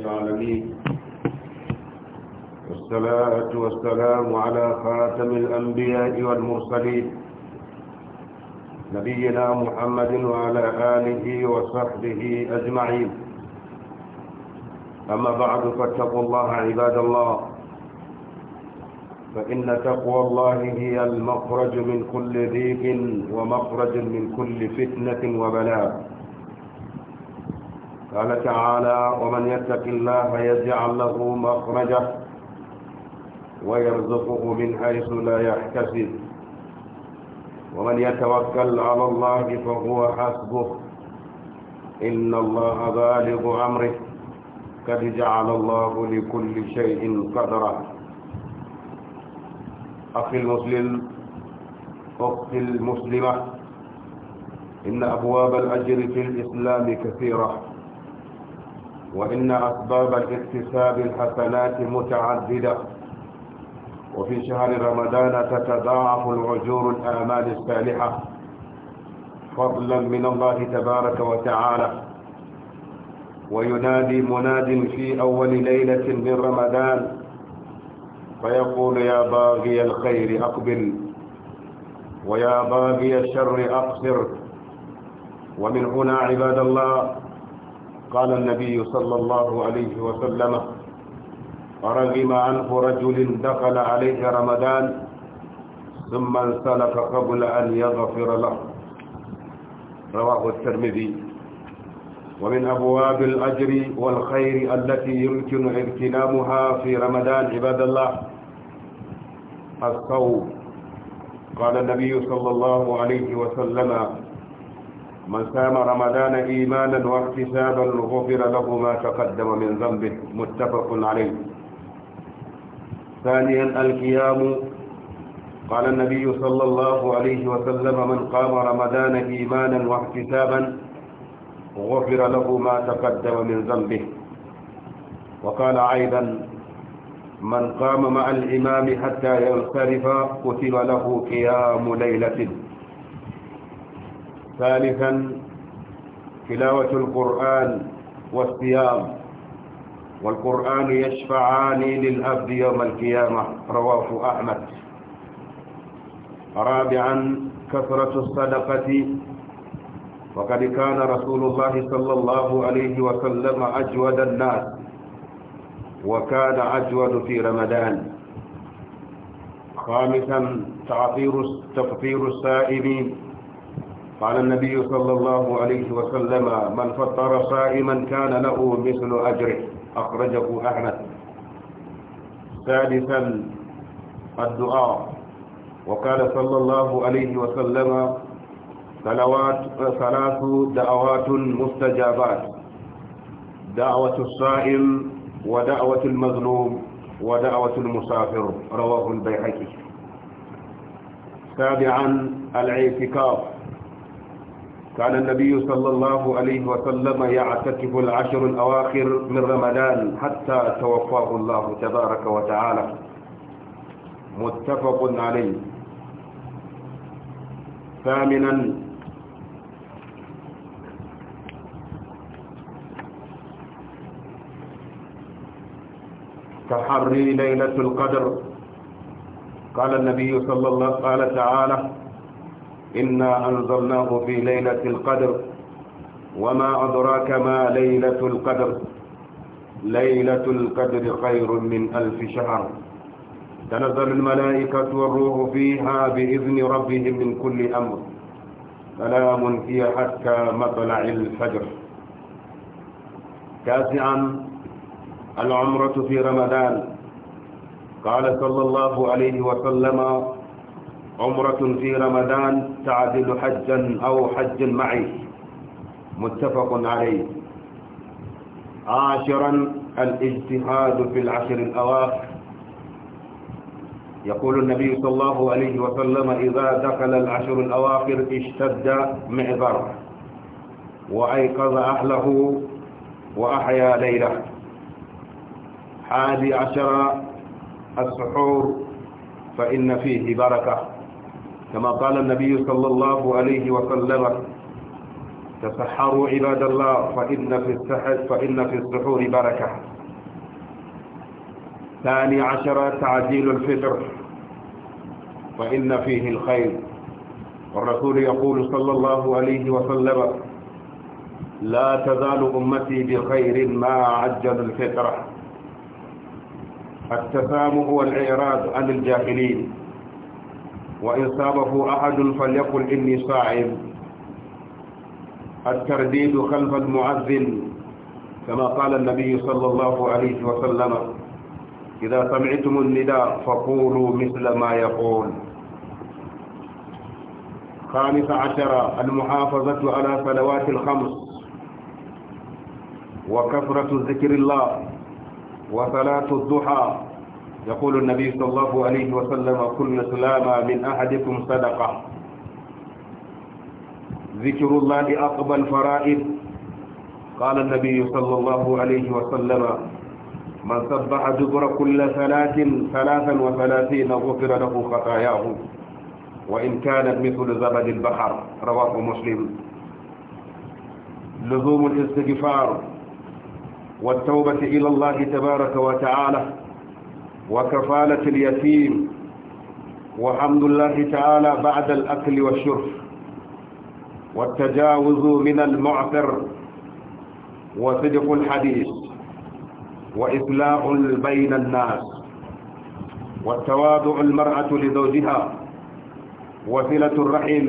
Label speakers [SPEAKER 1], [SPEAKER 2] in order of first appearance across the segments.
[SPEAKER 1] العالمين والصلاة والسلام على خاتم الأنبياء والمرسلين نبينا محمد وعلى آله وصحبه أجمعين أما بعد فاتقوا الله عباد الله فإن تقوى الله هي المخرج من كل ضيق ومخرج من كل فتنة وبلاء قال تعالى ومن يتق الله يجعل له مخرجا ويرزقه من حيث لا يحتسب ومن يتوكل على الله فهو حسبه إن الله بالغ أمره قد جعل الله لكل شيء قدرا أخي المسلم أختي المسلمة إن أبواب الأجر في الإسلام كثيرة وإن أسباب الاكتساب الحسنات متعددة وفي شهر رمضان تتضاعف العجور الأعمال الصالحة فضلا من الله تبارك وتعالى وينادي مناد في أول ليلة من رمضان فيقول يا باغي الخير أقبل ويا باغي الشر أقصر ومن هنا عباد الله قال النبي صلى الله عليه وسلم فرغم عنه رجل دخل عليه رمضان ثم انسلك قبل أن يغفر له رواه الترمذي ومن أبواب الأجر والخير التي يمكن اغتنامها في رمضان عباد الله الصوم قال النبي صلى الله عليه وسلم من سام رمضان إيمانا واحتسابا غفر له ما تقدم من ذنبه متفق عليه ثانيا القيام قال النبي صلى الله عليه وسلم من قام رمضان إيمانا واحتسابا غفر له ما تقدم من ذنبه وقال أيضا من قام مع الإمام حتى ينصرف كتب له قيام ليلة ثالثا تلاوة القرآن والصيام والقرآن يشفعان للأبد يوم القيامة رواه أحمد رابعا كثرة الصدقة وقد كان رسول الله صلى الله عليه وسلم أجود الناس وكان أجود في رمضان خامسا تعطير تفطير السائمين قال النبي صلى الله عليه وسلم من فطر صائما كان له مثل أجره أخرجه أحمد ثالثا الدعاء وقال صلى الله عليه وسلم صلوات ثلاث دعوات مستجابات دعوة الصائم ودعوة المظلوم ودعوة المسافر رواه البيهقي سابعا الاعتكاف كان النبي صلى الله عليه وسلم يعتكف العشر الأواخر من رمضان حتى توفاه الله تبارك وتعالى متفق عليه ثامنا تحري ليلة القدر قال النبي صلى الله قال تعالى إنا أنزلناه في ليلة القدر وما أدراك ما ليلة القدر ليلة القدر خير من ألف شهر تنزل الملائكة والروح فيها بإذن ربهم من كل أمر سلام هي حتى مطلع الفجر تاسعا العمرة في رمضان قال صلى الله عليه وسلم عمرة في رمضان تعدل حجا أو حج معي متفق عليه عاشرا الاجتهاد في العشر الأواخر يقول النبي صلى الله عليه وسلم إذا دخل العشر الأواخر اشتد معذر وأيقظ أهله وأحيا ليله حادي عشر السحور فإن فيه بركة كما قال النبي صلى الله عليه وسلم تسحروا عباد الله فإن في السحر فإن في السحور بركة ثاني عشر تعجيل الفطر فإن فيه الخير والرسول يقول صلى الله عليه وسلم لا تزال أمتي بخير ما عجل الفطرة التسامح والإعراض عن الجاهلين وإن صابه أحد فليقل إني صائم الترديد خلف المؤذن كما قال النبي صلى الله عليه وسلم إذا سمعتم النداء فقولوا مثل ما يقول خامس عشر المحافظة على صلوات الخمس وكثرة ذكر الله وصلاة الضحى يقول النبي صلى الله عليه وسلم كل سلام من أحدكم صدقة ذكر الله أقبى الفرائض قال النبي صلى الله عليه وسلم من سبح جبر كل ثلاث ثلاثا وثلاثين غفر له خطاياه وإن كانت مثل زبد البحر رواه مسلم لزوم الاستغفار والتوبة إلى الله تبارك وتعالى وكفالة اليتيم وحمد الله تعالى بعد الأكل والشرب والتجاوز من المعثر وصدق الحديث وإصلاح بين الناس والتواضع المرأة لزوجها وصلة الرحم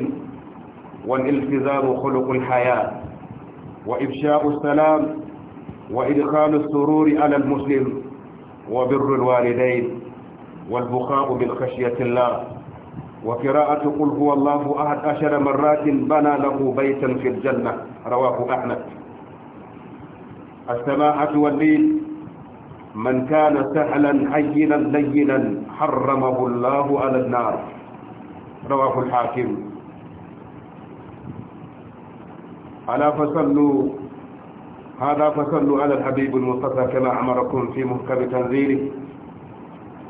[SPEAKER 1] والالتزام خلق الحياة وإفشاء السلام وإدخال السرور على المسلم وبر الوالدين والبقاء بالخشية الله وقراءة قل هو الله أحد عشر مرات بنى له بيتا في الجنة رواه أحمد السماحة والليل من كان سهلا هينا لينا حرمه الله على النار رواه الحاكم ألا فصلوا هذا فصلوا على الحبيب المصطفى كما أمركم في محكم تنزيله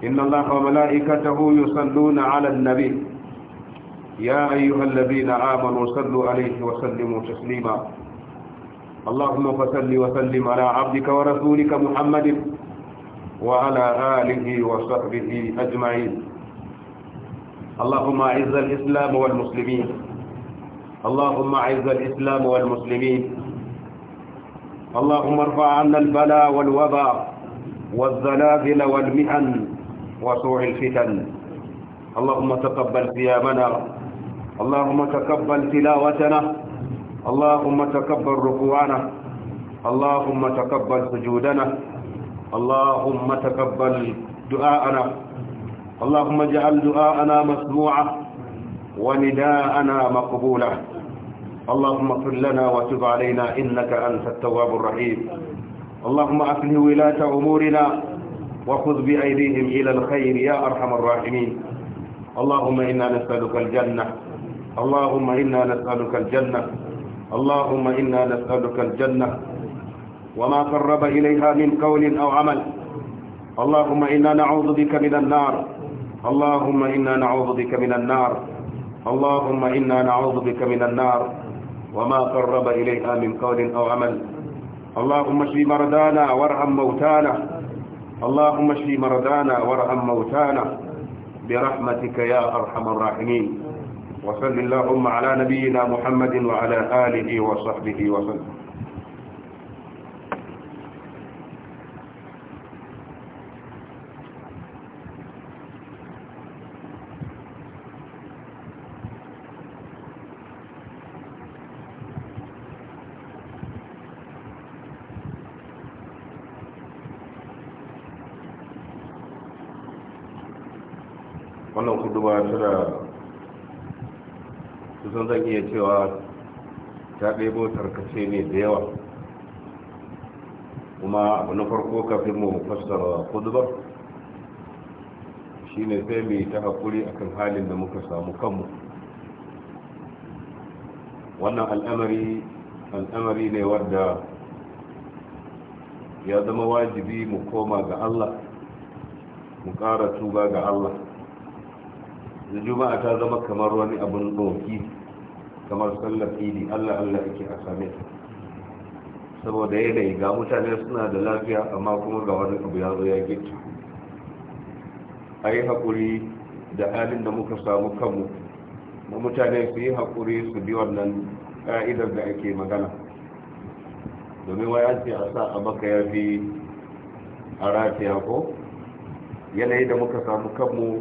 [SPEAKER 1] إن الله وملائكته يصلون على النبي يا أيها الذين آمنوا صلوا عليه وسلموا تسليما اللهم فصل وسلم على عبدك ورسولك محمد وعلى آله وصحبه أجمعين اللهم أعز الإسلام والمسلمين اللهم أعز الإسلام والمسلمين اللهم ارفع عنا البلاء والوباء والزلازل والمحن وسوء الفتن اللهم تقبل صيامنا اللهم تقبل تلاوتنا اللهم تقبل ركوعنا اللهم تقبل سجودنا اللهم تقبل دعاءنا اللهم اجعل دعاءنا مسموعا ونداءنا مقبولا اللهم اغفر لنا وتب علينا إنك أنت التواب الرحيم اللهم أفله ولاة أمورنا وخذ بأيديهم إلى الخير يا أرحم الراحمين اللهم إنا نسألك الجنة اللهم إنا نسألك الجنة اللهم إنا نسألك الجنة وما قرب إليها من قول أو عمل اللهم إنا نعوذ بك من النار اللهم إنا نعوذ بك من النار اللهم إنا نعوذ بك من النار وما قرب إليها من قول أو عمل اللهم اشف مرضانا وارحم موتانا اللهم اشف مرضانا وارحم موتانا برحمتك يا أرحم الراحمين وصل اللهم على نبينا محمد وعلى آله وصحبه وسلم wannan kudu ba tana kusan zan iya cewa ta ɗebo tarkace ne da yawa kuma abu na farko kafin mu fassara shi shine sai mai ta haƙuri a kan halin da muka samu kanmu wannan al'amari al'amari ne wadda ya zama wajibi mu koma ga Allah mu ƙara tuba ga Allah da juma'a ta zama kamar wani abun ɗauki kamar sallar idi allah allah ake a same ta saboda yanayi ga mutane suna da lafiya amma kuma ga wani abu ya zo ya gita a yi haƙuri da halin da muka samu kanmu na mutane su yi haƙuri su bi wannan ƙa'idar da ake magana domin wai an ce a sa a maka ya fi a rafiya ko yanayi da muka samu kanmu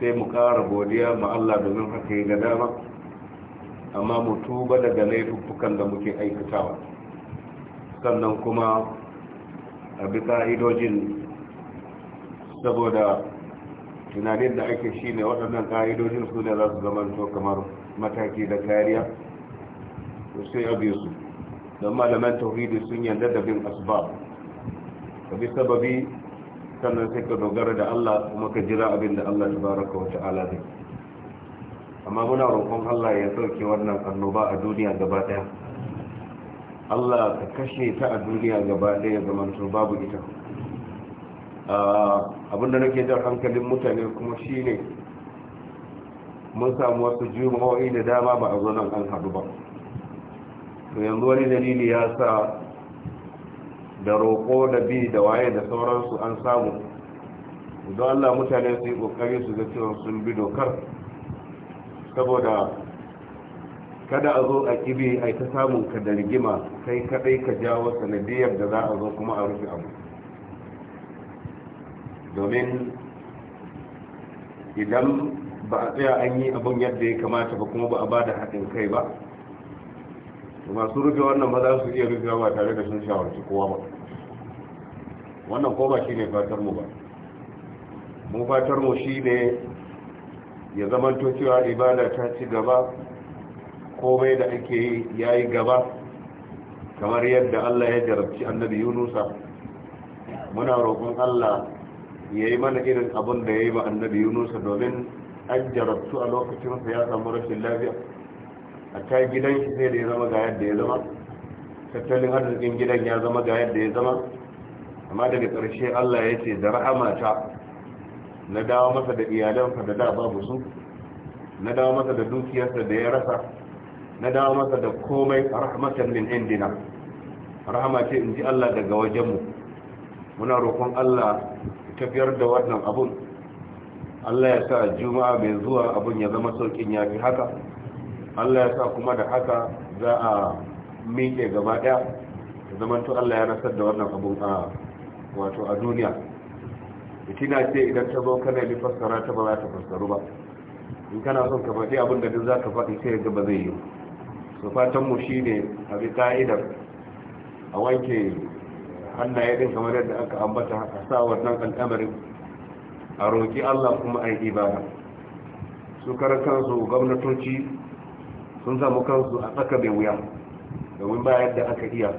[SPEAKER 1] sai mu kara godiya ma Allah domin haka yi da dama amma mu tuba daga laifukan da muke aikatawa sannan kuma a bi ƙa'idojin saboda tunanin da ake shi ne waɗannan ƙa'idojin su ne za su zama to kamar mataki da kariya su sai a su don malaman tauridi sun yanda da bin asbab ka sababi sannan sai ka dogara da Allah kuma ka jira abin da Allah tabaraka wa ta'ala zai amma muna roƙon Allah ya sauke wannan annoba a duniya gaba ɗaya Allah ka kashe ta a duniya gaba ɗaya zaman babu ita abinda nake jan hankalin mutane kuma shine mun samu wasu juma'o'i da dama ba a zo nan an haɗu ba to yanzu wani dalili ya sa da roƙo da bi da waye da sauransu an samu don allah mutane su yi ƙoƙari su ga cewa sun bi dokar saboda kada a zo a ƙibi a yi ta samun ka da rigima kai kaɗai ka jawo sanadiyar da za a zo kuma a rufe abu domin idan ba a tsaya an yi abin yadda ya kamata ba kuma ba a ba da haɗin kai ba masu rufe wannan ba za su iya rufewa ba tare da sun shawarci kowa ba wannan ko ba shi ne fatar ba mu fatarmu mu shi ne ya zamanto cewa ibada ta ci gaba komai da ake yi ya yi gaba kamar yadda Allah ya jarabci annabi yunusa muna roƙon Allah ya yi mana irin abin da ya yi ba annabi yunusa domin an jarabtu a lokacinsa ya samu rashin lafiya a ta gidan shi sai da ya zama ga yadda ya zama tattalin arzikin gidan ya zama ga yadda ya zama amma daga ƙarshe allah ya ce da ta, na dawo masa da iyalansa da da babu su na dawo masa da dukiyarsa da ya rasa na dawo masa da komai a rahmatan min indina rahama ce in ji allah daga wajenmu muna roƙon allah tafiyar da wannan abun allah ya sa juma'a mai zuwa abun ya zama sauƙin ya fi haka Allah ya sa kuma da haka za a miƙe gaba ɗaya to Allah ya rasar da wannan abun a wato a duniya fitina ce idan ta zo kana bi fassara ta ba za ta fassaru ba in kana son ka faɗi abin da duk za ka faɗi sai ga ba zai yi su fatan mu shine a bi ka'ida a wanke hannaye din kamar yadda aka ambata a sa wannan al'amarin a roƙi Allah kuma a yi ibada su karan kansu gwamnatoci sun samu kansu a tsaka mai wuya domin ba yadda aka iya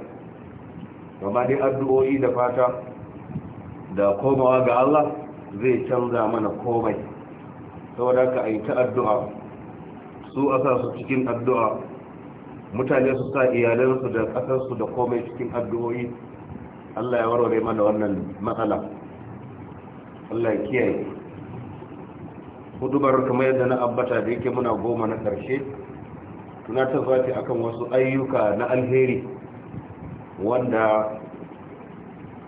[SPEAKER 1] gama dai addu'o'i da fata da komawa ga Allah zai canza mana komai saboda ka yi ta addu'a su a sa su cikin addu'a mutane su sa iyalansu da ƙasarsu da komai cikin addu'o'i Allah ya warware mana wannan matsala Allah ya kiyaye hudubar kamar yadda na ambata da yake muna goma na ƙarshe na tabbata akan wasu ayyuka na alheri wanda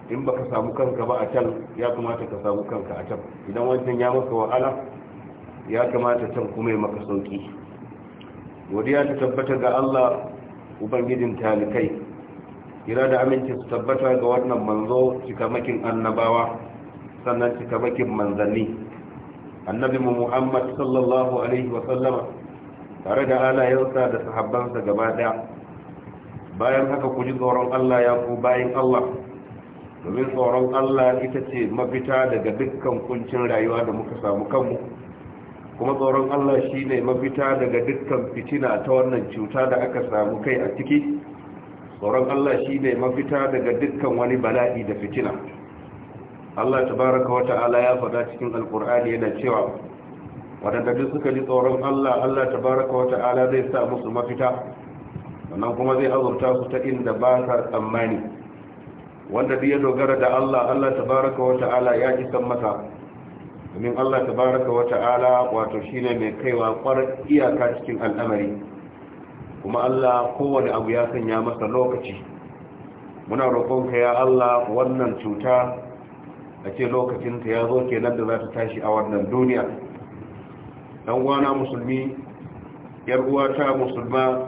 [SPEAKER 1] in ba ka samu kanka ba a can ya kamata ka samu kanka a can idan wancan ya maka wahala ya kamata can kuma ya maka sauki godiya ta tabbata ga Allah ubangijin talikai kira da aminci su tabbata ga wannan manzo cikamakin annabawa sannan cikamakin manzanni annabi mu Muhammad sallallahu alaihi wa sallama tare da ya alayensa da sahabbansa gaba daya bayan haka ku ji tsoron Allah ya ku bayin Allah domin tsoron Allah ita ce mafita daga dukkan kuncin rayuwa da muka samu kanmu kuma tsoron Allah shi ne mafita daga dukkan fitina ta wannan cuta da aka samu kai a ciki tsoron Allah shi ne mafita daga dukkan wani bala'i da fitina Allah tabaraka wa ta'ala ya faɗa cikin alkur'ani yana cewa waɗanda duk suka ji tsoron Allah Allah tabaraka wa ta'ala zai sa musu mafita sannan kuma zai azurta su ta inda ba sa tsammani wanda duk ya dogara da Allah Allah tabaraka wa ta'ala ya ji san masa domin Allah tabaraka wa ta'ala wato shine mai kaiwa kwar iyaka cikin al'amari kuma Allah kowane abu ya sanya masa lokaci muna roƙonka ya Allah wannan cuta a ce lokacinta ya zo kenan da za ta tashi a wannan duniya Ɗan uwana musulmi yar uwata musulma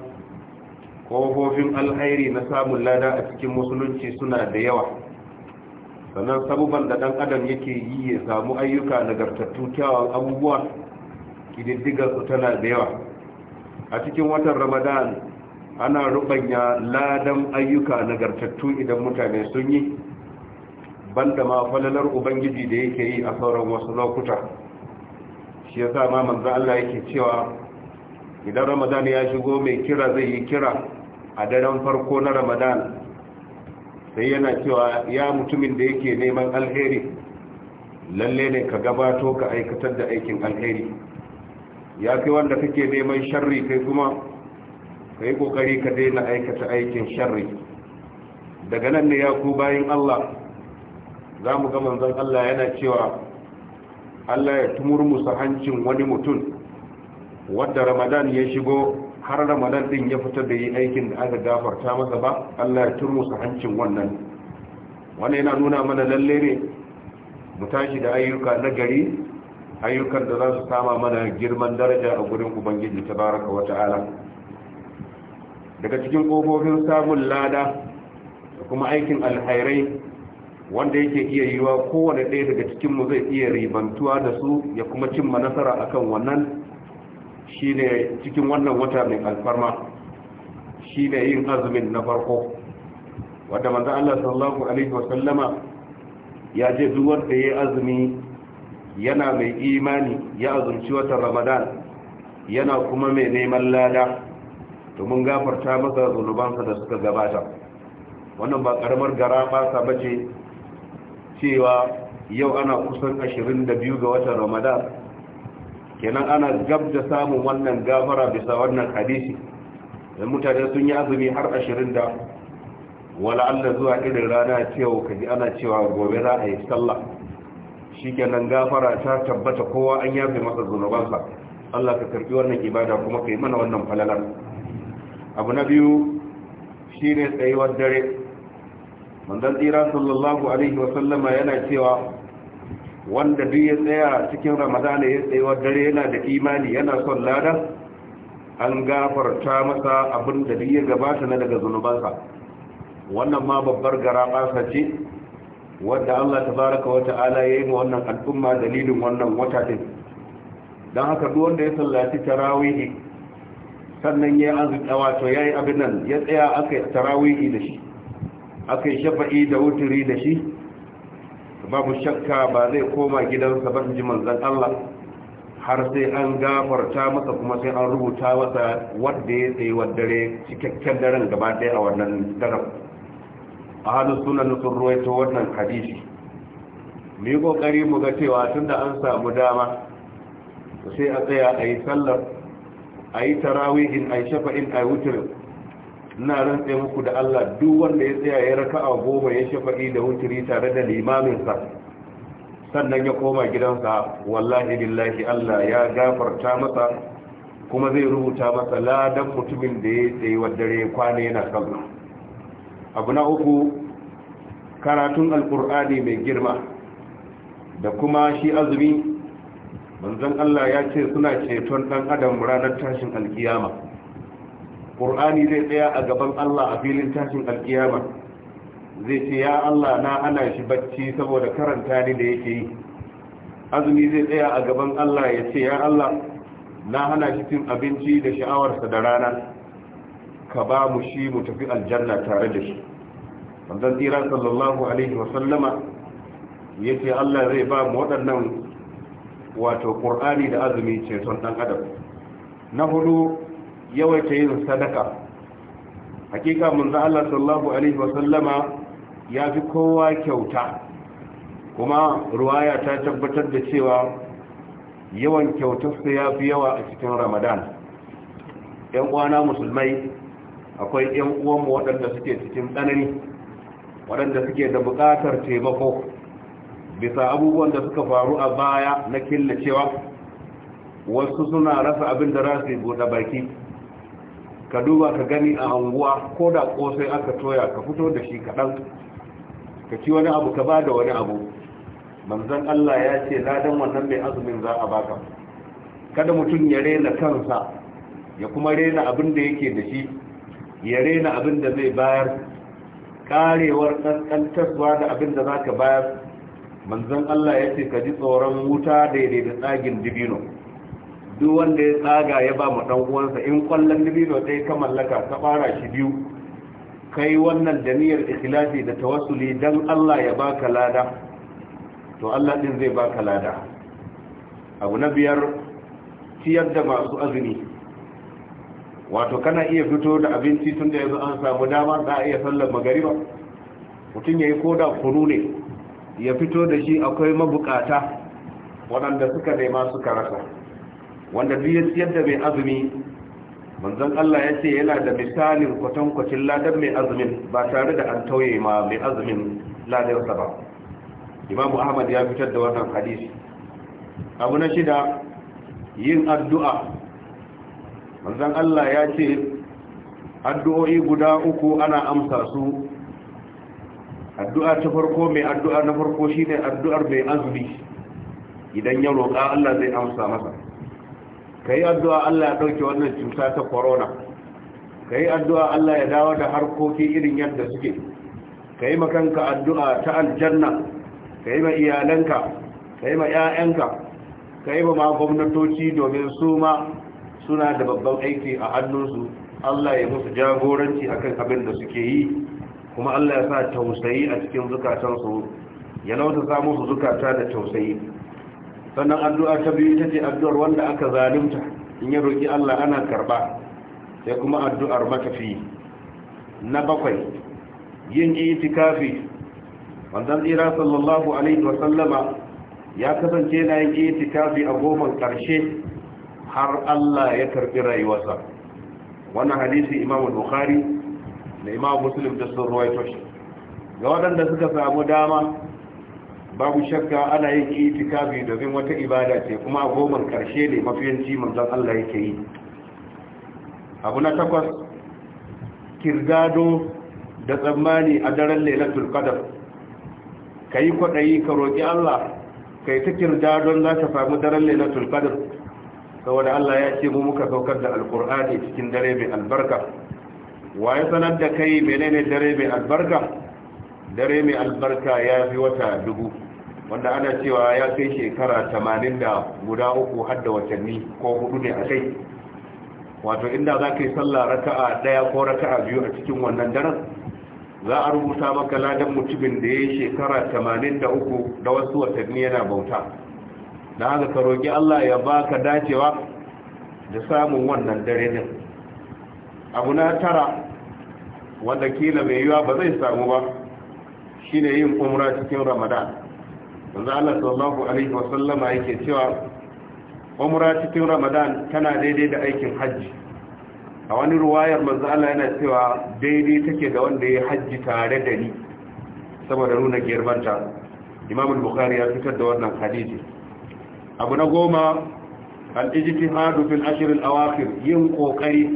[SPEAKER 1] kofofin alkhairi na samun lada a cikin musulunci suna da yawa sannan sabuban da ɗan adam yake yi ya samu ayyuka nagartattu kyawun abubuwa ƙididdigar su tana da yawa a cikin watan ramadan ana rubanya ladan ayyuka nagartattu idan mutane sun yi banda ma falalar ubangiji da yake yi a sauran wasu lokuta shi ya sa ma manzo Allah yake cewa idan ramadan ya shigo mai kira zai yi kira a daren farko na ramadan sai yana cewa ya mutumin da yake neman alheri lalle ne ka gabato ka aikatar da aikin alheri ya fi wanda kake neman sharri kai kuma ka yi kokari ka daina aikata aikin sharri daga nan ne ya ku bayan allah za mu ga manzon allah yana cewa Allah ya tumurmusa hancin wani mutum wadda Ramadan ya shigo har Ramadan din ya fita da yi aikin da aka gafarta masa ba Allah ya musu hancin wannan Wani yana nuna mana lalle ne mu tashi da ayyuka na gari ayyukan da za su kama mana girman daraja a gurin ubangiji tabaraka wa ta'ala daga cikin kofofin samun lada da kuma aikin alhairai wanda yake iya yiwa kowane ɗaya daga cikinmu zai iya ribantuwa da su ya kuma cimma nasara akan wannan shi ne cikin wannan wata mai alfarma shi ne yin azumin na farko wadda manzan Allah sallallahu alaihi wasallama ya je duk wanda ya azumi yana mai imani ya azumci wata Ramadan yana kuma mai neman lada domin gafarta masa zunubansa da suka gabata wannan ba karamar gara ba ce. cewa yau ana kusan 22 ga watan ramadan kenan ana gab da samun wannan gafara bisa wannan hadisi da mutane sun yi azumi har 20 da wala Allah zuwa irin rana cewa kaji ana cewa gobe za a yi sallah Shi kenan gafara ta tabbata kowa an yafe masa zunubansa Allah ka karbi wannan ibada kuma kai mana wannan falalar abu na biyu shine tsayuwar dare manzon tsira sallallahu alaihi wasallama yana cewa wanda duk ya tsaya cikin ramadana ya tsaye dare yana da imani yana son lada an gafarta masa abin da duk ya gabata na daga zunubansa wannan ma babbar gara ɓasa ce wadda allah tabaraka wa ta'ala ya yi ma wannan al'umma dalilin wannan wata din don haka duk wanda ya sallaci tarawihi sannan ya yi azumi wato ya yi abin nan ya tsaya aka yi tarawihi da shi aka yi shafa'i da wuturi da shi babu shakka ba zai koma gidansa ba ji manzan Allah har sai an gafarta masa kuma sai an rubuta masa wadda ya tsaye dare cikakken daren gaba ɗaya a wannan daren a hannun sunan nufin ruwaito wannan hadisi mu yi ƙoƙari mu ga cewa tun da an samu dama sai a tsaya a yi sallar a yi tarawihin a yi shafa'in a yi wuturin ina rantse muku da Allah duk wanda ya tsaya ya raka a goma ya shafa'i da wuturi tare da limaminsa sannan ya koma gidansa wallahi billahi Allah ya gafarta masa kuma zai rubuta masa ladan mutumin da ya tsaye wa dare kwana yana sallah abu na uku karatun alkur'ani mai girma da kuma shi azumi manzon Allah ya ce suna ceton dan adam ranar tashin alkiyama ƙur'ani zai tsaya a gaban Allah a filin tashin alkiyama zai ce ya Allah na hana shi bacci saboda karanta ni da yake yi azumi zai tsaya a gaban Allah ya ce ya Allah na hana shi cin abinci da sha'awarsa da rana ka ba mu shi mu tafi aljanna tare da shi manzon tsira sallallahu alaihi wasallama ya ce Allah zai ba mu waɗannan wato ƙur'ani da azumi ceton ɗan adam na hudu yawaita yin sadaka hakika manzo Allah sallallahu alaihi wasallama ya fi kowa kyauta kuma ruwaya ta tabbatar da cewa yawan kyautarsa ya fi yawa a cikin ramadan yan uwana musulmai akwai yan uwanmu waɗanda suke cikin tsanani waɗanda suke da buƙatar taimako bisa abubuwan da suka faru a baya na killacewa wasu suna rasa abin da rasu buɗe baki ka duba ka gani a anguwa ko da kosai aka toya ka fito da shi kaɗan ka ci wani abu ka ba da wani abu manzan Allah ya ce ladan wannan mai azumin za a baka kada mutum ya rena kansa ya kuma rena abin da yake da shi ya rena abin da zai bayar karewar kankantarwa da abin da za ka bayar manzan Allah ya ce ka ji tsoron wuta daidai da tsagin dibino duk wanda ya tsaga ya ba mu dan uwansa in kwallon dabino ɗaya ka mallaka ka fara shi biyu kai wannan da niyyar ikhlasi da tawassuli dan Allah ya baka lada to Allah din zai baka lada abu na biyar ciyar da masu azumi wato kana iya fito da abinci tun da yanzu an samu dama za a iya sallar magariba mutum ya yi koda kunu ne ya fito da shi akwai mabukata waɗanda suka nema suka rasa wanda duk ya siyar da mai azumi manzon Allah ya ce yana da misalin kwatankwacin ladan mai azumin ba tare da an tauye ma mai azumin ladarsa ba Imam ahmad ya fitar da wannan hadisi abu na shida yin addu'a manzon Allah ya ce addu'o'i guda uku ana amsa su addu'a ta farko mai addu'a na farko shine addu'ar mai azumi idan ya roƙa Allah zai amsa masa ka yi addu'a Allah ya ɗauke wannan cuta ta corona ka yi addu'a Allah ya dawo da harkoki irin yadda suke ka yi makanka addu'a ta aljanna ka yi ma iyalanka ka yi ma ‘ya'yanka ka yi ma gwamnatoci domin su ma suna da babban aiki a hannunsu Allah ya musu jagoranci akan abin da suke yi kuma Allah ya sa tausayi a cikin zukatansu ya lauta sa musu zukata da tausayi sannan addu'a ta biyu ita ce addu'ar wanda aka zalunta in ya roƙi Allah ana karba sai kuma addu'ar matafi na bakwai yin itikafi wanzan tsira sallallahu alaihi wasallama ya kasance na yin itikafi a goma ƙarshe har Allah ya karɓi rayuwarsa wannan hadisi imamu bukhari da imamu muslim da sun ruwaito shi ga waɗanda suka samu dama babu shakka ana yin itikafi domin wata ibada ce kuma a goma karshe ne mafiyanci manzan Allah yake yi abu na takwas kirgado da tsammani a daren lailatul qadar kai kwadayi ka roki Allah kai ta kirgadon za ka samu daren lailatul qadar saboda Allah ya ce mu muka saukar da alqur'ani cikin dare mai albarka wa ya sanar da kai menene dare mai albarka dare mai albarka ya fi wata dubu wanda ana cewa ya kai shekara tamanin da guda uku har watanni ko hudu ne a kai wato inda za ka yi sallah raka'a daya ko raka'a biyu a cikin wannan daren za a rubuta maka ladan mutumin da ya yi shekara tamanin da uku da wasu watanni yana bauta da haka ka roƙi allah ya baka dacewa da samun wannan dare ne. abu na tara wanda kila mai yiwa ba zai samu ba shine yin umra cikin ramadan manzo Allah sallallahu alaihi wasallama yake cewa umra cikin ramadan tana daidai da aikin hajji a wani ruwayar manzo Allah yana cewa daidai take da wanda ya hajji tare da ni saboda nuna girmanta imam bukhari ya fitar da wannan hadisi abu na goma al-ijtihadu fil ashr al yin kokari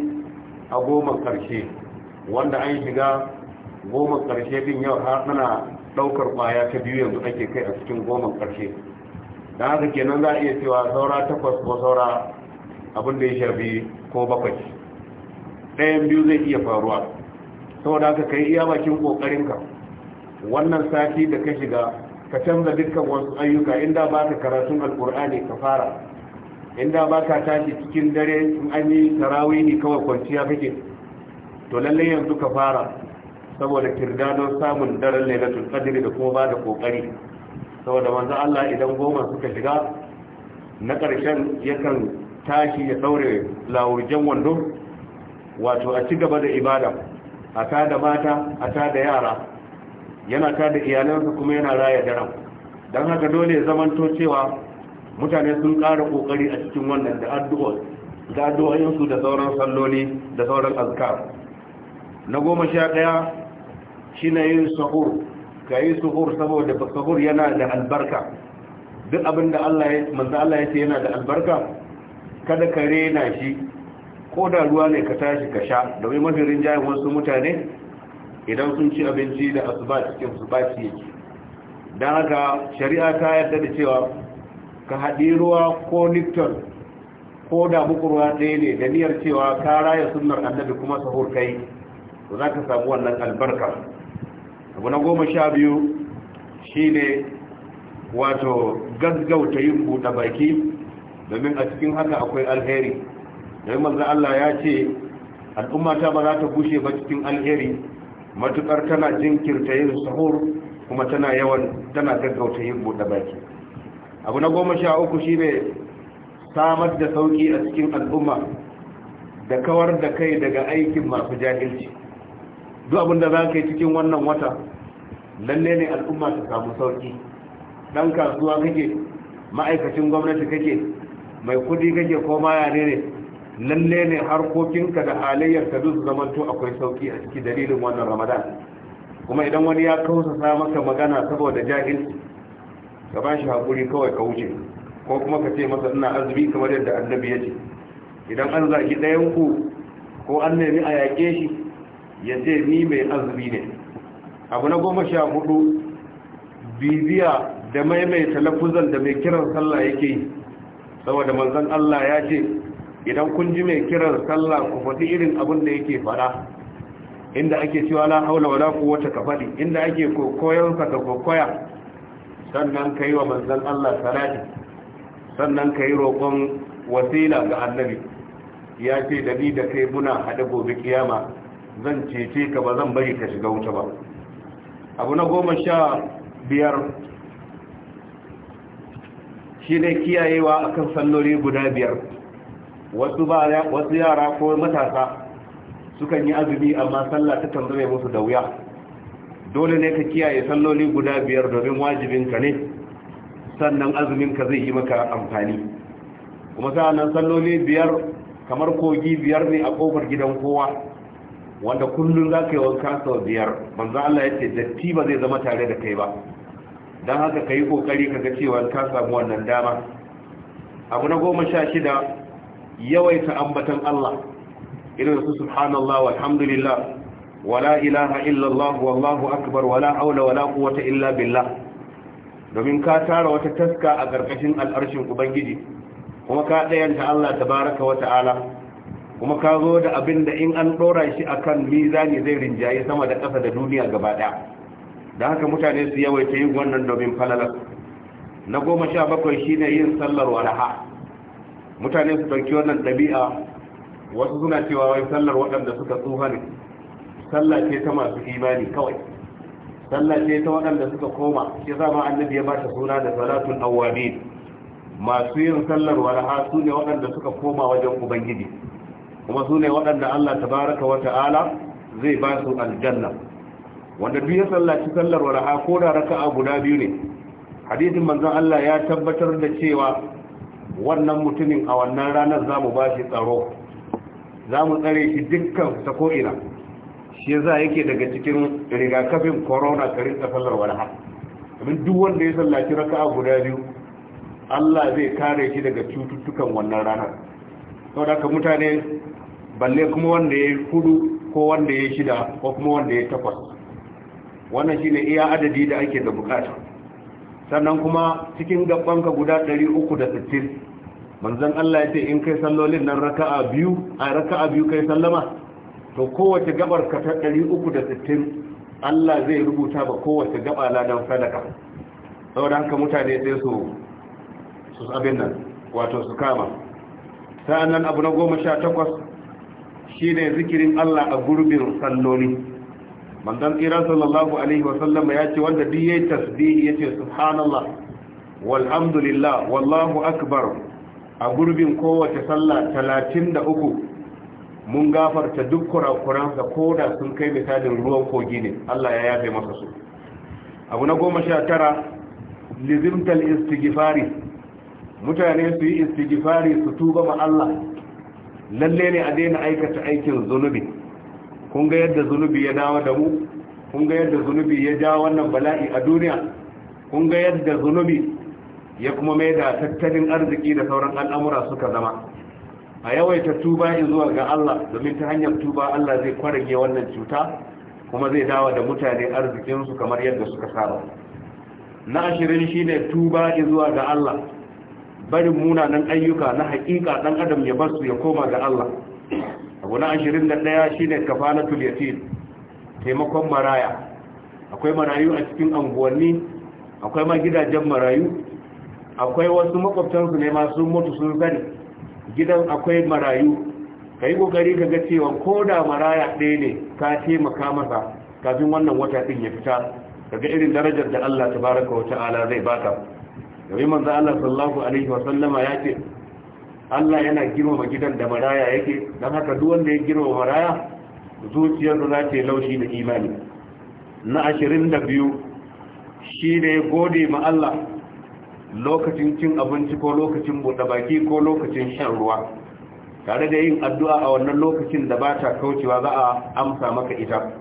[SPEAKER 1] a goma karshe wanda an shiga goma karshe din yau har muna ɗaukar kwaya ta biyu yanzu ake kai a cikin goma karshe da haka kenan za a iya cewa saura takwas ko saura abin da ya shafi ko bakwai ɗayan biyu zai iya faruwa saboda haka kai iya bakin ka wannan sati da ka shiga ka canza dukkan wasu ayyuka inda ba ka karatun Alƙur'ani ka fara inda ba ka tashi cikin dare in an yi tarawi ne kawai kwanciya kake to lallai yanzu ka fara saboda kirda don samun daren na qadr da kuma ba da kokari saboda manzo Allah idan goma suka shiga na ƙarshen yakan tashi ya saurin lawurgen wando wato a ci gaba da ibada a ta da mata a ta da yara yana ta da iyalansa kuma yana raya daren don haka dole ya zamanto cewa mutane sun ƙara ƙoƙari a cikin wannan da addu'o'i da addu'o'insu da sauran salloli da sauran azkar na goma sha ɗaya shi na yin sahur ka yi sahur saboda sahur yana da albarka duk abin da manzo Allah ya ce yana da albarka kada ka rena shi ko da ruwa ne ka tashi ka sha domin mafi rinjayen wasu mutane idan sun ci abinci da asuba cikin su yake don haka shari'a ta yarda da cewa ka haɗi ruwa ko lipton ko da bukurwa ɗaya ne da niyyar cewa ka raya sunnar annabi kuma sahur kai za ka samu wannan albarka abu na goma sha biyu shi ne wato gaggauta yin buɗe baki domin a cikin haka akwai alheri domin manzan Allah ya ce al'ummata ta ba za ta gushe ba cikin alheri Matuƙar tana jinkirta yin sahur kuma tana yawan tana gaggauta yin buɗe baki abu na goma sha uku shi ne samar da sauƙi a cikin al'umma da kawar da kai daga aikin masu jahilci duk da za ka yi cikin wannan wata lalle ne al'umma ta samu sauki dan kasuwa kake ma'aikacin gwamnati kake mai kudi kake ko ma yare ne lalle ne harkokinka da ka duk zamanto akwai sauki a ciki dalilin wannan ramadan kuma idan wani ya sa maka magana saboda jahilci ka ba shi hakuri kawai ka wuce ko kuma ka ce masa ina azumi kamar yadda annabi ya ce idan an zaki ɗayan ku ko an nemi a yaƙe shi ya ce ni mai azumi ne abu na goma sha hudu bibiya da maimaita lafuzan da mai kiran sallah yake yi saboda manzan Allah ya ce idan kun ji mai kiran sallah ku faɗi irin abin da yake faɗa inda ake cewa la haula wala quwwata ka faɗi inda ake koyon ka kokoya sannan kai wa manzan Allah salati sannan kai roƙon wasila ga annabi ya ce da ni da kai muna haɗe gobe kiyama zan cece ka ba zan bari ka shiga wuta ba abu na goma sha biyar shi ne kiyayewa akan salloli guda biyar wasu yara ko matasa sukan yi azumi amma sallah ta zama musu da wuya dole ne ka kiyaye salloli guda biyar domin wajibinka ne sannan azuminka zai yi maka amfani kuma sa'annan salloli biyar kamar kogi biyar ne a kofar gidan kowa wanda kullum za ka yi wanka sau biyar manzo Allah ya ce datti ba zai zama tare da kai ba don haka ka yi kokari ka ga cewa ka samu wannan dama abu na goma sha shida yawaita ambatan Allah irin su subhanallah walhamdulillah wala ilaha illallah wallahu akbar wala haula wala quwwata illa billah domin ka tara wata taska a karkashin al'arshin ubangiji kuma ka ɗayanta Allah tabaraka wa ta'ala kuma ka zo da abin da in an ɗora shi akan mizani zai rinjaye sama da ƙasa da duniya gaba ɗaya da haka mutane su yawaita yin wannan domin falalar na goma sha bakwai shine yin sallar walaha mutane su ɗauki wannan ɗabi'a wasu suna cewa wai sallar waɗanda suka tsufa ne sallah ce ta masu imani kawai salla ce ta waɗanda suka koma shi ma annabi ya bata suna da salatun awwabin masu yin sallar walaha su ne waɗanda suka koma wajen ubangiji kuma su ne waɗanda Allah tabaraka wa ta'ala zai ba su aljanna wanda duk ya sallaci sallar wara'a ko da raka'a guda biyu ne hadisin manzon Allah ya tabbatar da cewa wannan mutumin a wannan ranar za mu ba shi tsaro za mu tsare shi dukkan ta ko'ina shi za yake daga cikin rigakafin corona karin sallar wara'a domin duk wanda ya sallaci raka'a guda biyu Allah zai kare shi daga cututtukan wannan ranar sau ka mutane balle kuma wanda ya hudu ko wanda ya shida ko kuma wanda ya takwas wannan shi ne iya adadi da ake da bukata sannan kuma cikin gabanka guda 360 manzan Allah ya ce in kai sallolin nan raka'a biyu a raka'a biyu kai sallama to kowace gabar ka ta 360 Allah zai rubuta ba kowace gaba ladan sadaka saboda haka mutane sai su su abin nan wato su kama sa'annan abu na goma sha takwas shine zikirin Allah a gurbin salloli manzon tsira sallallahu alaihi wa sallam ya ce wanda duk yayi tasbihi yace subhanallah walhamdulillah wallahu akbar a gurbin kowace sallah 33 mun gafarta duk kurakuran da koda sun kai misalin ruwan kogi ne Allah ya yafe masa su abu na goma sha tara lizimtal istighfari mutane su yi istighfari su tuba ma Allah lalle ne a daina aikata aikin zunubi kun ga yadda zunubi ya dawo da mu kun ga yadda zunubi ya ja wannan bala'i a duniya kun ga yadda zunubi ya kuma mai da tattalin arziki da sauran al'amura suka zama a yawaita tuba zuwa ga Allah domin ta hanyar tuba Allah zai kwarage wannan cuta kuma zai dawo da mutane arzikinsu kamar yadda suka saba na ashirin shine tuba zuwa ga Allah barin munanan ayyuka na haƙiƙa ɗan adam ya bar ya koma ga Allah abu na ashirin da ɗaya shine kafanatul yatim taimakon maraya akwai marayu a cikin anguwanni akwai ma gidajen marayu akwai wasu makwabtansu ne masu mutu sun sani gidan akwai marayu ka yi ƙoƙari ka ga cewa ko da maraya ɗaya ne ka taimaka masa kafin wannan wata ɗin ya fita daga irin darajar da Allah tabaraka wa ta'ala zai baka domin manzo Allah sallallahu alaihi wasallama ya ce Allah yana girmama gidan da maraya yake don haka duk wanda ya girmama maraya zuciyarsa za ta laushi da imani na ashirin da biyu shi ne gode ma Allah lokacin cin abinci ko lokacin buɗe baki ko lokacin shan ruwa tare da yin addu'a a wannan lokacin da ba ta kaucewa za a amsa maka ita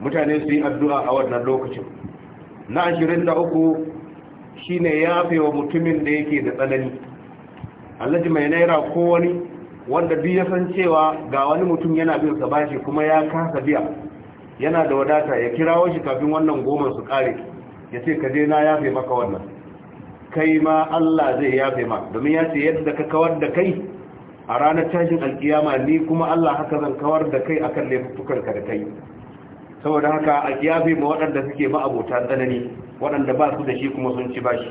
[SPEAKER 1] mutane su yi addu'a a wannan lokacin na ashirin da uku shine yafe wa mutumin da yake da tsanani alhaji mai naira ko wani wanda biya ya san cewa ga wani mutum yana bin sa bashi kuma ya kasa biya yana da wadata ya kirawo shi kafin wannan goma su kare ya ce ka je na yafe maka wannan kai ma Allah zai yafe ma domin ya ce yadda ka kawar da kai a ranar tashin alkiyama ni kuma Allah haka zan kawar da kai akan laifukan ka da kai saboda haka a yafe ma waɗanda suke ma abota tsanani waɗanda ba su da shi kuma sun ci ba shi.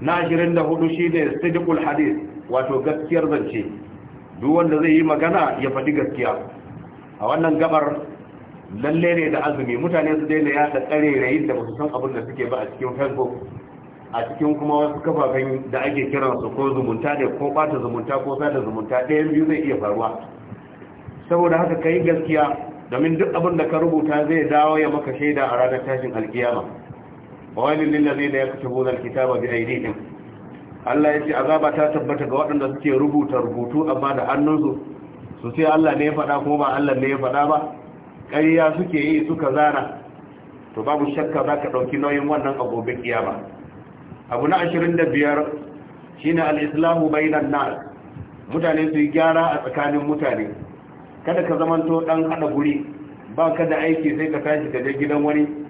[SPEAKER 1] na ashirin da hudu shi ne sadiqul hadith wato gaskiyar zance duk wanda zai yi magana ya faɗi gaskiya a wannan gabar lalle ne da azumi mutane su daina ya da tsare rayin da basu san abin da suke ba a cikin facebook a cikin kuma wasu kafafen da ake su ko zumunta ne ko bata zumunta ko sada zumunta ɗayan biyu zai iya faruwa saboda haka ka yi gaskiya domin duk abin da ka rubuta zai dawo ya maka shaida a ranar tashin alkiyama wani lillazi da ya kuce bunar kitaba bi aidihim Allah ya ce azaba ta tabbata ga waɗanda suke rubuta rubutu amma da hannunsu su ce Allah ne ya faɗa ko ba Allah ne ya faɗa ba ƙarya suke yi suka zana to babu shakka za ka ɗauki nauyin wannan a gobe kiyama abu na ashirin da biyar shine al'islamu nan na. mutane su yi gyara a tsakanin mutane kada ka zamanto ɗan haɗa guri ba ka da aiki sai ka tashi ka je gidan wani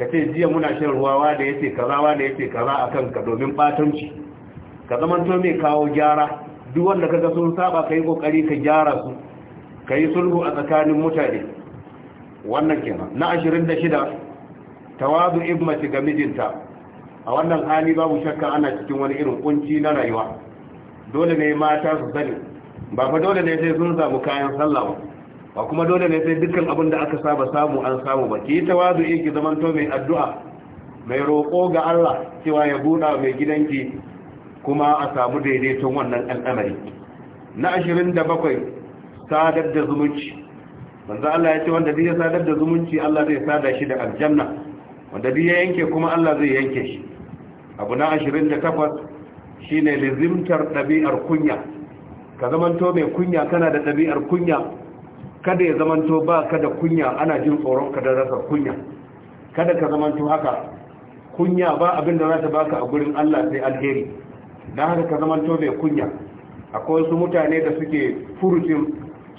[SPEAKER 1] ka ce jiya muna shan wa da yace kaza wa da yace kaza akan ka domin batanci ka zamanto mai kawo gyara duk wanda kaga sun saba kai kokari ka gyara su kai sulhu a tsakanin mutane wannan kenan na 26 tawadu ibmati ga mijinta a wannan hali babu shakka ana cikin wani irin kunci na rayuwa dole ne mata su sani ba fa dole ne sai sun samu kayan sallah ba ba kuma dole ne sai dukkan abin da aka saba samu an samu ba ki yi in ki zamanto mai addu'a mai roƙo ga Allah cewa ya buɗa mai gidanki kuma a samu daidaiton wannan al'amari na 27 sadar da zumunci manzo Allah ya ce wanda duk ya sadar da zumunci Allah zai sada shi da aljanna wanda duk ya yanke kuma Allah zai yanke shi abu na 28 shine lizimtar ɗabi'ar kunya ka zamanto mai kunya kana da ɗabi'ar kunya kada ya zamanto ba kada kunya ana jin tsoron ka da rasa kunya kada ka zamanto haka kunya ba abin da za baka a gurin Allah sai alheri dan haka ka zamanto mai kunya akwai wasu mutane da suke furucin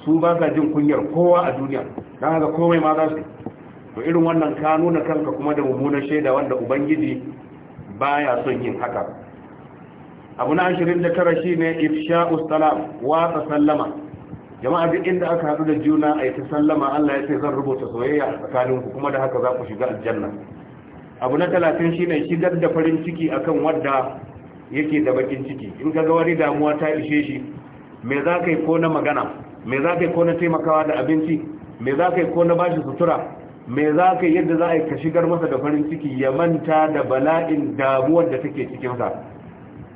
[SPEAKER 1] su ba sa jin kunyar kowa a duniya dan haka komai ma za su to irin wannan ka nuna kanka kuma da mummunan shaida wanda ubangiji baya son yin haka abu na 29 shine ifsha'us salam wa sallama jama'a duk inda aka haɗu da juna a yi ta sallama Allah ya ce zan rubuta soyayya a tsakaninku kuma da haka za ku shiga aljanna abu na talatin shine shigar da farin ciki akan wadda yake da bakin ciki in ka ga wani damuwa ta ishe shi me za ka yi ko na magana me za ka yi ko na taimakawa da abinci me za ka yi ko na bashi sutura me za ka yi yadda za a yi ka shigar masa da farin ciki ya manta da bala'in damuwar da take cikinsa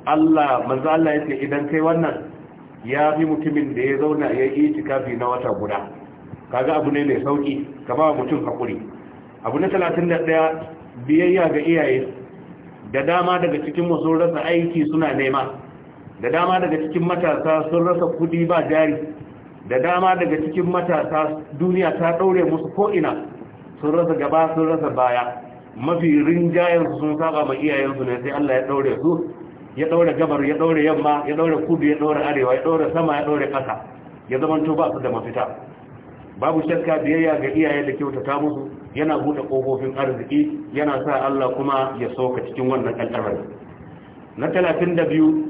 [SPEAKER 1] Allah manzo Allah ya ce idan kai wannan ya fi mutumin da ya zauna ya yi itikafi na wata guda kaga abu ne mai sauki ka ba mutum hakuri abu na 31 biyayya ga iyaye da dama daga cikin sun rasa aiki suna nema da dama daga cikin matasa sun rasa kudi ba jari da dama daga cikin matasa duniya ta daure musu ko'ina, sun rasa gaba sun rasa baya mafi rinjayen sun saba ma iyayensu ne sai Allah ya daure su ya ɗaura gabar ya daura yamma ya daura kudu ya daura arewa ya daura sama ya daura ƙasa ya zama to ba su da mafita babu shakka biyayya ga iyaye da kyautata musu yana buɗe kofofin arziki yana sa Allah kuma ya soka cikin wannan kankarar na biyu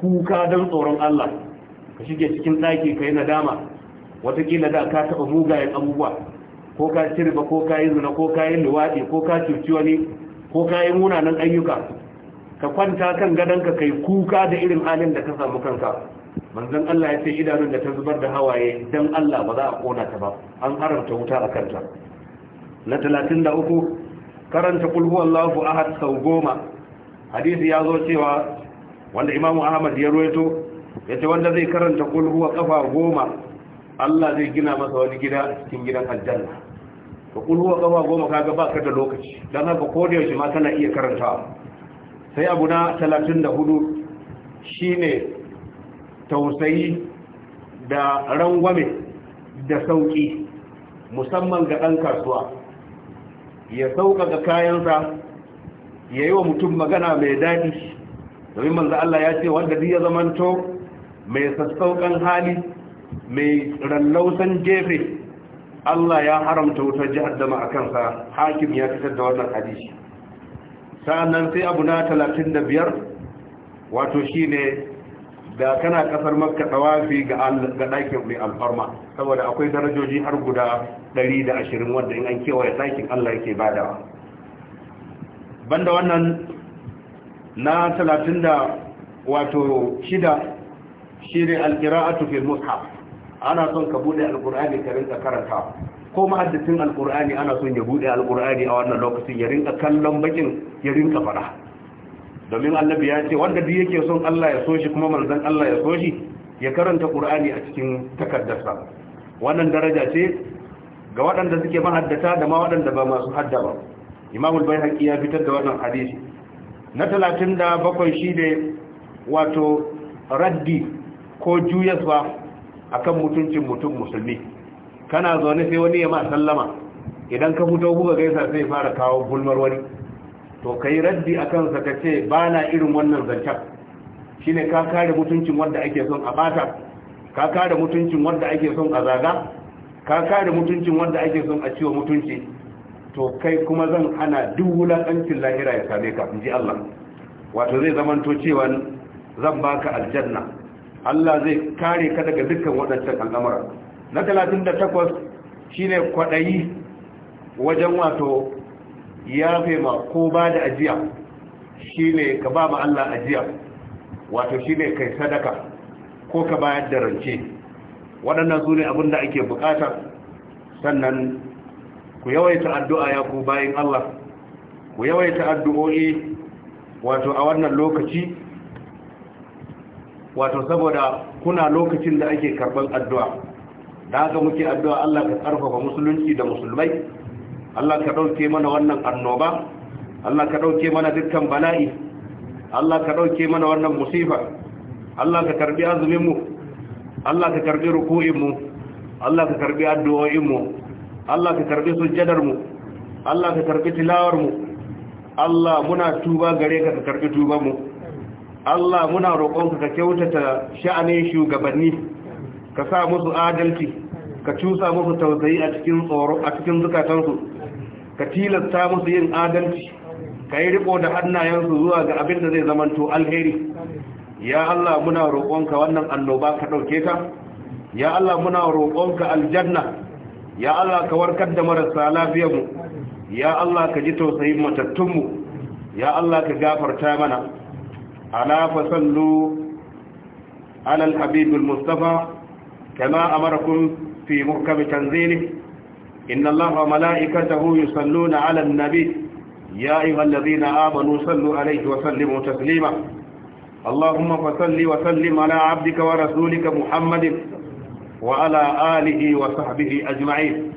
[SPEAKER 1] kuka don tsoron Allah ka shige cikin ɗaki ka yi nadama watakila da ka taɓa mugayen abubuwa ko ka cirba ko ka yi zina ko ka yi luwaɗi ko ka cuci wani ko ka yi munanan ayyuka ka kwanta kan gadonka kai kuka da irin halin da ka samu kanka manzon Allah ya ce idanun da ta zubar da hawaye dan Allah ba za a kona ta ba an haramta wuta a kanta na 33 karanta kulhu huwallahu ahad sau goma hadisi ya zo cewa wanda imamu ahmad ya ruwaito ya ce wanda zai karanta kulhu wa kafa goma Allah zai gina masa wani gida cikin gidan aljanna ka kulhu wa kafa goma kaga baka da lokaci dan haka ko da yaushe ma kana iya karantawa sai abu na 34 shine tausayi da rangwame da sauki musamman ga ɗan kasuwa ya sauƙaƙa kayansa ya yi wa mutum magana mai daɗi domin manzo Allah ya ce wanda zai ya zamanto mai sassauƙan hali mai rallausan gefe Allah ya haramta wutar jihar dama a kansa hakim ya fitar da wannan hadisi sa'annan sai abu na talatin da biyar wato shi ne da kana kasar makka tsawafi ga ɗakin mai alfarma saboda akwai darajoji har guda 120 wanda in an kewaye ɗakin allah yake badawa banda wannan na talatin da wato shida shi ne a tufin musa ana son ka bude alkur'ani karin rinka karanta ko mahaddisin alkur'ani ana son ya bude alkur'ani a wannan lokacin ya rinka kallon bakin ya rinka fara. domin annabi ya ce wanda duk yake son Allah ya so shi kuma manzon Allah ya so shi ya karanta qur'ani a cikin takaddarsa wannan daraja ce ga waɗanda suke ma'addata da ma waɗanda ba masu hadda ba imamul bayhaqi ya fitar da wannan hadisi na 37 shine wato raddi ko juyaswa akan mutuncin mutum musulmi kana zaune sai wani ya ma sallama idan ka fito buga gaisa sai fara kawo bulmar wani to ka yi raddi a kansa ka ce ba na irin wannan zancen shi ne ka kare mutuncin wanda ake son a bata ka kare mutuncin wanda ake son a zaga ka kare mutuncin wanda ake son a ciwo mutunci to kai kuma zan hana duk wulaƙancin lahira ya same ka in ji Allah wato zai zamanto cewa zan baka aljanna Allah zai kare ka daga dukkan waɗancan al'amuran na 38 ne kwaɗayi wajen wato yafe ma ko ba da ajiya Shi ne ka ba ma'alla Allah ajiya wato shi ne kai sadaka ko ka bayar da rance waɗannan su ne abin da ake bukata sannan ku yawaita addu'a ya ku bayan Allah ku yawaita addu'o'i wato a wannan lokaci wato saboda kuna lokacin da ake karɓar addu'a da haka muke addu'a Allah ka karfafa musulunci da musulmai Allah ka dauke mana wannan annoba Allah ka dauke mana dukkan bala'i Allah ka dauke mana wannan musifa Allah ka karbi azumin mu Allah ka karbi ruku'in mu Allah ka karbi addu'o'in mu Allah ka karbi sujjadar mu Allah ka karbi tilawar mu Allah muna tuba gare ka ka karbi tuban mu Allah muna roƙonka ka kyautata sha'anin shugabanni ka sa musu adalci ka cusa musu tausayi a cikin tsoro a cikin zukatansu ka tilasta musu yin adalci ka yi riko da hannayensu zuwa ga abin da zai zamanto alheri ya Allah muna roƙonka wannan annoba ka ɗauke ta ya Allah muna roƙonka aljanna ya Allah ka warkar da marasa lafiyarmu ya Allah ka ji tausayin mu ya Allah ka gafarta mana ala fasallu ala al al mustafa كما أمركم في محكم تنزيله إن الله وملائكته يصلون على النبي يا أيها الذين آمنوا صلوا عليه وسلموا تسليما اللهم فصل وسلم على عبدك ورسولك محمد وعلى آله وصحبه أجمعين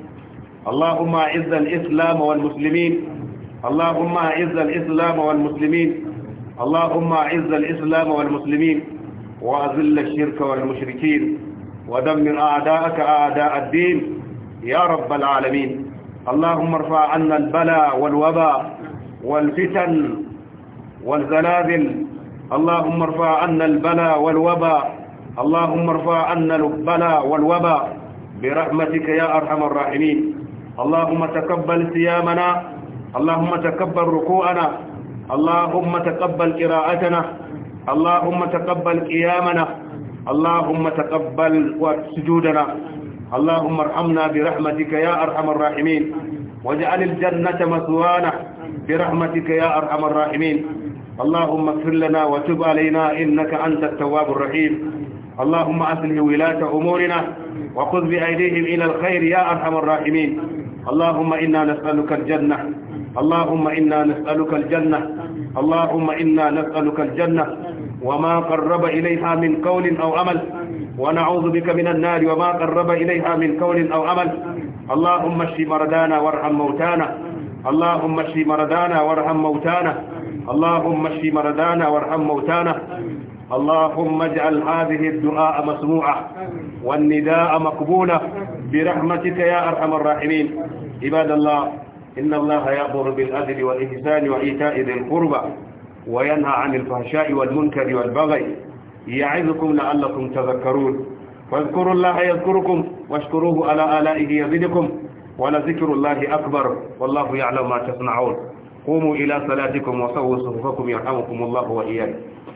[SPEAKER 1] اللهم أعز الإسلام والمسلمين اللهم أعز الإسلام والمسلمين اللهم أعز الإسلام والمسلمين وأذل الشرك والمشركين ودمر أعداءك أعداء الدين يا رب العالمين اللهم ارفع عنا البلاء والوباء والفتن والزلازل اللهم ارفع عنا البلاء والوباء اللهم ارفع عنا البلاء والوباء برحمتك يا أرحم الراحمين اللهم تقبل صيامنا اللهم تقبل ركوعنا اللهم تقبل قراءتنا اللهم تقبل قيامنا اللهم تقبل سجودنا اللهم ارحمنا برحمتك يا أرحم الراحمين واجعل الجنة مثوانا برحمتك يا أرحم الراحمين اللهم اغفر لنا وتب علينا إنك أنت التواب الرحيم اللهم أصله ولاة أمورنا وخذ بأيديهم إلى الخير يا أرحم الراحمين اللهم إنا نسألك الجنة اللهم إنا نسألك الجنة اللهم إنا نسألك الجنة وما قرب إليها من قول أو عمل ونعوذ بك من النار وما قرب إليها من قول أو عمل اللهم اشف مرضانا وارحم موتانا اللهم اشف مرضانا وارحم موتانا اللهم اشف مرضانا وارحم موتانا اللهم اجعل هذه الدعاء مسموعة والنداء مقبولة برحمتك يا أرحم الراحمين عباد الله إن الله يأمر بالعدل والإحسان وإيتاء ذي القربى وينهى عن الفحشاء والمنكر والبغي يعظكم لعلكم تذكرون فاذكروا الله يذكركم واشكروه على آلائه يزدكم ولذكر الله أكبر والله يعلم ما تصنعون قوموا إلى صلاتكم وصووا صفوفكم يرحمكم الله وإياكم